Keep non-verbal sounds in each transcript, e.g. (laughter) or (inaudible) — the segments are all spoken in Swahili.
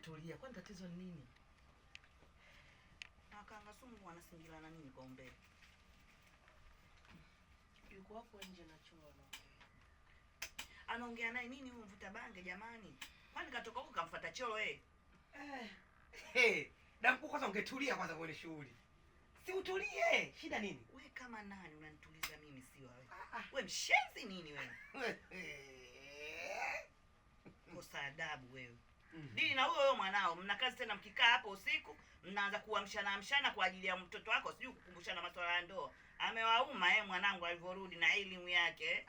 tulia, kwani tatizo ni nini? Na kanga Sumu na nini kwa umbele? Yuko hapo nje na choo anaongea naye nini huyo mvuta bange jamani? Kwani katoka huko kamfuata cholo eh? Eh. Hey, eh, damku kwanza ungetulia kwanza kwenye shughuli. Si utulie, shida nini? We kama nani unanituliza mimi si wewe. Ah, ah. We mshenzi nini wewe? (laughs) Kosa adabu wewe mm na huyo mwanao, mna kazi tena, mkikaa hapo usiku mnaanza kuamshana amshana kwa ajili ya mtoto wako, sijui kukumbushana maswala ya ndoa. Amewauma eh, mwanangu alivyorudi na elimu yake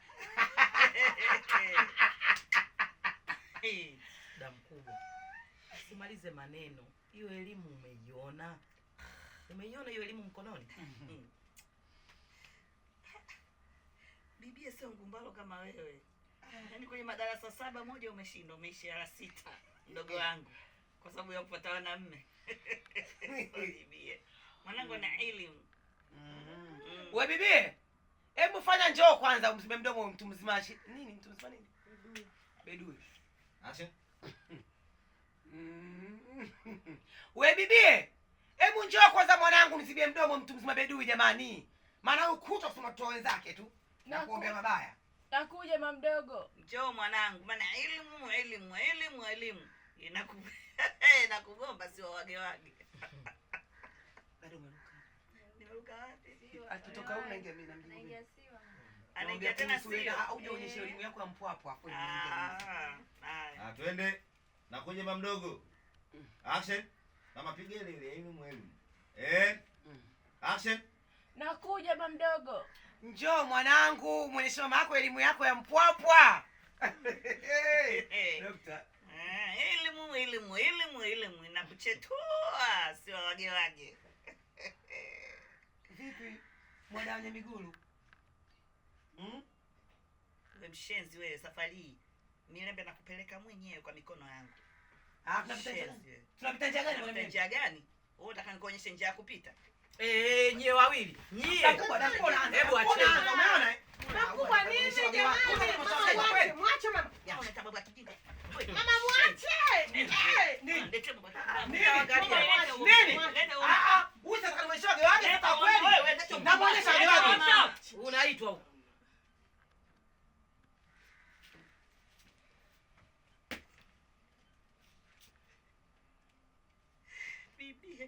eh. (laughs) damu kubwa. usimalize maneno, hiyo elimu umeiona, umeiona hiyo elimu mkononi mhm. mm Bibia sio ngumbalo kama wewe, yaani kwenye madarasa saba moja umeshinda, umeishia la sita mdogo wangu kwa sababu ya kupata wanamme (laughs) mwanangu na elimu mm. mm. we bibie, hebu fanya njoo kwanza umzime mdomo mtu mzima nini mtu mzima nini bedui Asha. Mm-hmm. (laughs) we bibie, hebu njoo kwanza mwanangu mzibie mdomo mtu mzima bedui jamani, maana ukuta kusema toa wenzake tu na kuombea mabaya. Takuja mamdogo, njoo mwanangu, maana elimu elimu elimu elimu (laughs) inakugomba sio wage wage. (laughs) Bado umeruka. Nimeruka wapi? Atutoka huko naingia mimi na mjinga. Naingia siwa. Anaingia tena siwa. uonyeshe eh. elimu yako ya hapo ah, ah, twende. mama mdogo. Action. Mama piga ile ile elimu mwenu. Eh? Action. Nakuja mama mdogo. Njoo mwanangu, mwenyeshe mama yako elimu yako ya mpwapwa. (laughs) elimu elimu elimu kuchetua si waje waje. (laughs) Vipi Mwana wenye miguru Mm? We mshenzi wewe, safari hii Milembe nakupeleka mwenyewe kwa mikono yangu. Ah, Tunapita njia gani? Tunapita njia gani? Wewe unataka nikuonyeshe njia ya kupita? Eh, eh nyie wawili nyie, hebu acheni. unaitwa Bibi.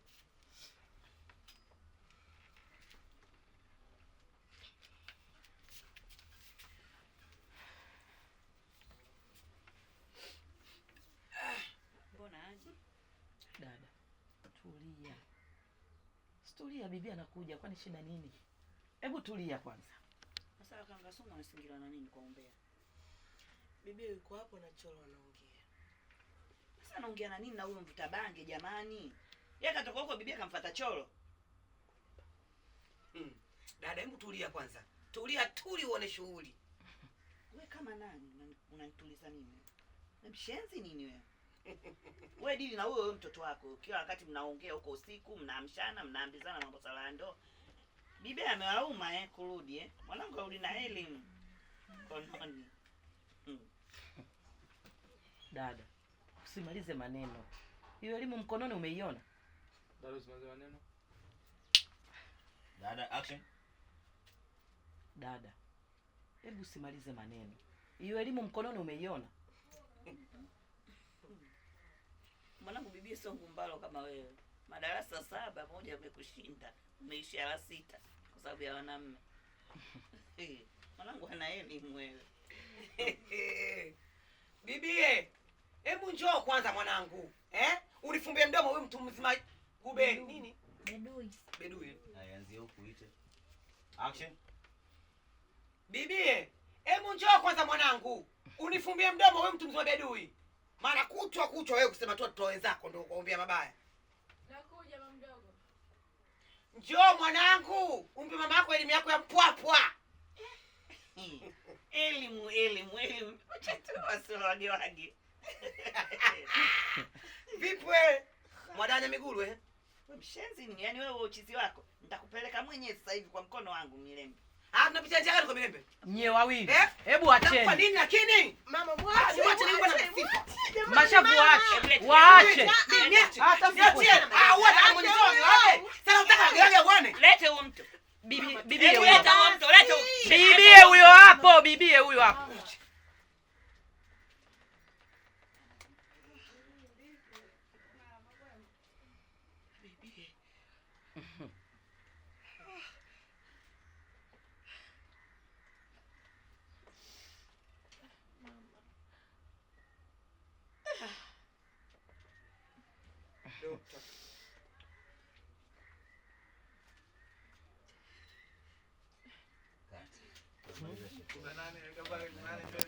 Tulia bibi anakuja, kwani shida nini? Hebu tulia kwanza. Sasa kanga soma anasingira na nini kwa umbea? Bibi yuko hapo na Cholo anaongea. Sasa anaongea na nini na huyo mvuta bange jamani? Yeye katoka huko bibi akamfuata Cholo. Mm. Dada, hebu tulia kwanza. Tulia tuli uone shughuli. (laughs) Wewe kama nani unanituliza mimi? Mshenzi nini wewe? (laughs) we dili na huyo mtoto wako, kila wakati mnaongea huko usiku, mnaamshana, mnaambizana mambo salando. Bibi amewauma eh, kurudi eh. Mwanangu arudi na elimu kononi. Hmm. Dada, usimalize maneno. Hiyo elimu mkononi umeiona? Dada, usimalize maneno. Dada, action. Dada, hebu usimalize maneno. Hiyo elimu mkononi umeiona? (laughs) Mwanangu, bibie sio ngumbalo kama wewe. Madarasa saba moja amekushinda, umeishia la sita kwa sababu ya wanamme. (laughs) Mwanangu ana yeye ni mwewe. (laughs) Bibie, hebu njoo kwanza mwanangu. Eh? Unifumbie mdomo wewe mtu mzima gube nini? Bedui. Bedui. Aanzie huku ite. Action. Bibie, hebu njoo kwanza mwanangu. Unifumbie mdomo wewe mtu mzima bedui mara kutwa kutwa wewe kusema tu watoto wenzako ndio kuombea mabaya. Nakuja mama mdogo. Njoo mwanangu, umpe mama yako elimu yako ya mpwapwa. (laughs) Elimu, elimu, elimu. Acha tu wasiwaje waje. (laughs) Vipi wewe? Mwadanya Migulu eh? mshenzi ni, yani wewe uchizi wako. Nitakupeleka mwenyewe sasa hivi kwa mkono wangu Milembe. Ah, tunapitia njia gani kwa Milembe? Nyie wawili. Eh? Hebu acheni. Kwa nini lakini? Mama mwache. Ah, mwache ni bwana Mashavu waache. Waache. Ah, ah, hata msifa. Ah, wewe hata mwenye sawa Sasa unataka gani uone? Lete huyo mtu. Bibi bibi huyo mtu. Lete. Bibi huyo hapo, bibi huyo hapo. gjort.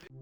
Tack.